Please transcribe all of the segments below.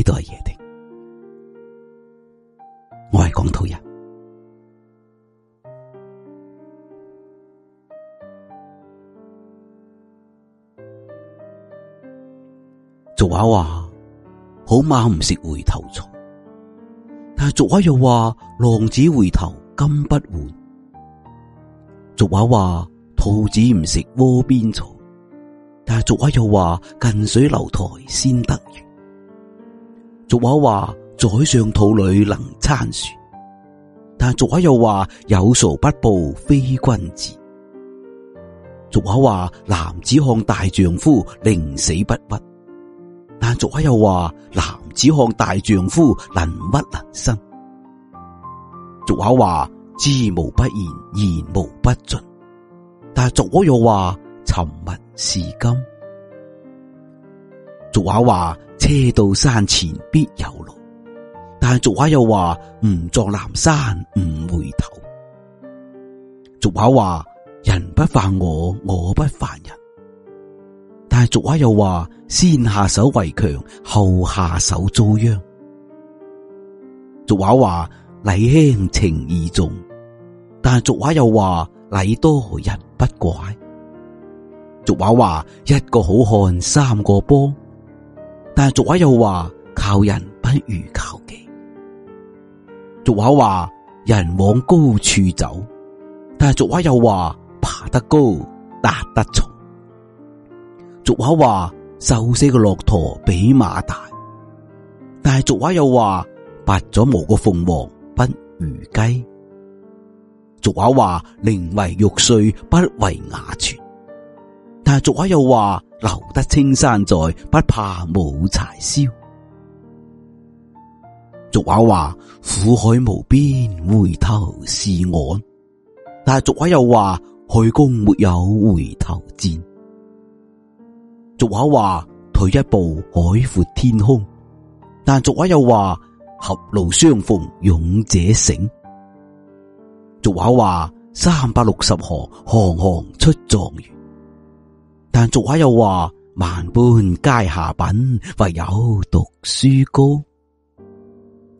呢度係夜的，我係廣土人。俗話話好馬唔食回頭草，但係俗話又話浪子回頭金不換。俗話話兔子唔食窩邊草，但係俗話又話近水樓台先得月。俗話話宰相肚裏能撐船，但俗話又話有仇不報非君子。俗話話男子漢大丈夫寧死不屈，但俗話又話男子漢大丈夫能屈能伸。俗話話知無不言言無不盡，但係俗話又話沉默是金。俗話話車到山前必有路，但係俗話又話唔撞南山唔回頭。俗話話人不犯我，我不犯人，但係俗話又話先下手為強，後下手遭殃。俗話話禮輕情意重，但係俗話又話禮多人不怪。俗話話一個好漢三個波，但係俗話又話靠人不如靠己，俗話話人往高處走，但係俗話又話爬得高，跌得重。俗話話瘦死嘅駱駝比馬大，但係俗話又話拔咗毛嘅鳳凰不如雞。俗話話寧為玉碎，不為瓦全。但俗話又話：留得青山在，不怕冇柴燒。俗話話：苦海無邊，回頭是岸。但係俗話又話：去公沒有回頭箭。俗話話：退一步，海闊天空。但俗話又話：狹路相逢勇者勝。俗話話：三百六十行，行行出狀元。但俗話又話，萬般皆下品，唯有讀書高。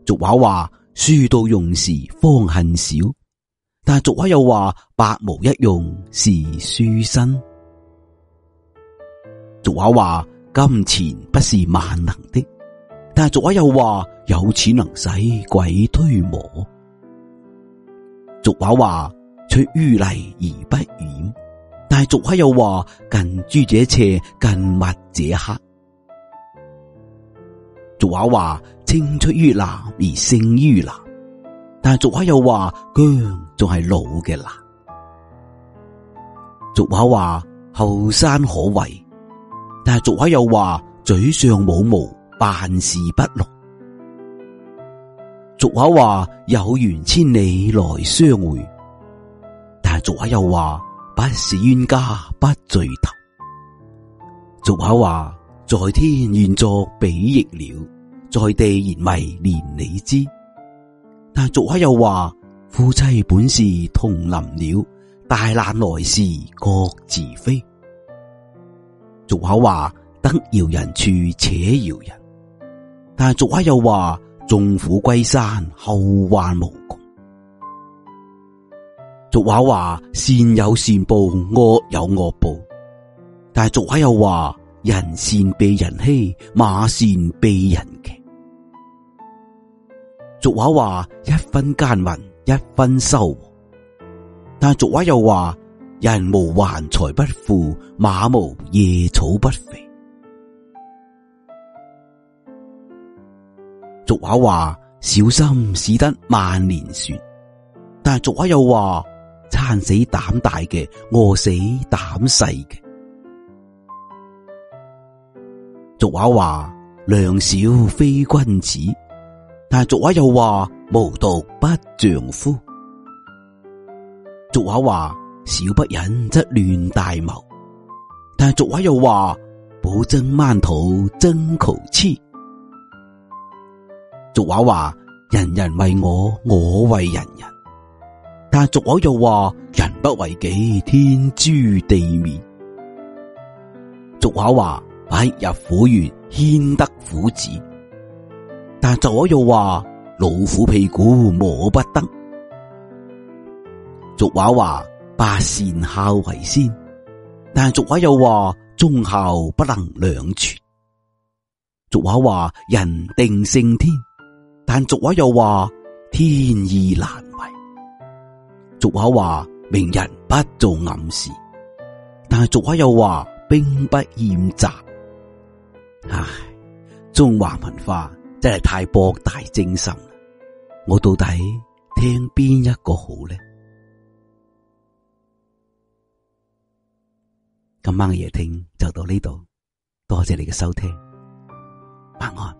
俗話話，書到用時方恨少。但係俗話又話，百無一用是書生。俗話話，金錢不是萬能的。但係俗話又話，有錢能使鬼推磨。俗話話，出淤泥而不染。但係俗話又話，近朱者赤，近墨者黑。俗話話，青出於藍而勝於藍，但係俗話又話，薑仲係老嘅啦。俗話話，後生可畏，但係俗話又話，嘴上冇毛，辦事不牢。俗話話，有緣千里來相會，但係俗話又話。不是冤家不聚頭。俗口話，在天願作比翼鳥，在地願為連理枝。但俗口又話，夫妻本是同林鳥，大難來時各自飛。俗口話，得饒人處且饒人。但俗口又話，縱虎歸山，後患無窮。俗話話善有善報，惡有惡報，但係俗話又話人善被人欺，馬善被人騎。俗話話一分耕耘，一分收穫，但係俗話又話人無橫財不富，馬無夜草不肥。俗話話小心駛得萬年船，但係俗話又話。撐死膽大嘅，餓死膽細嘅。俗話話：量小非君子，但係俗話又話：無毒不丈夫。俗話話：小不忍則亂大謀，但係俗話又話：保爭饅頭，爭口氣。俗話話：人人為我，我為人人。但俗話又話：人不為己，天誅地滅。俗話話：百入虎穴，焉得虎子。但俗話又話：老虎屁股摸不得。俗話話：百善孝為先。但俗話又話：忠孝不能兩全。俗話話：人定勝天。但俗話又話：天意難。俗話話，明人不做暗事，但係俗話又話，兵不厭詐。唉，中華文化真係太博大精深，我到底聽邊一個好呢？今晚嘅夜聽就到呢度，多謝你嘅收聽，晚安。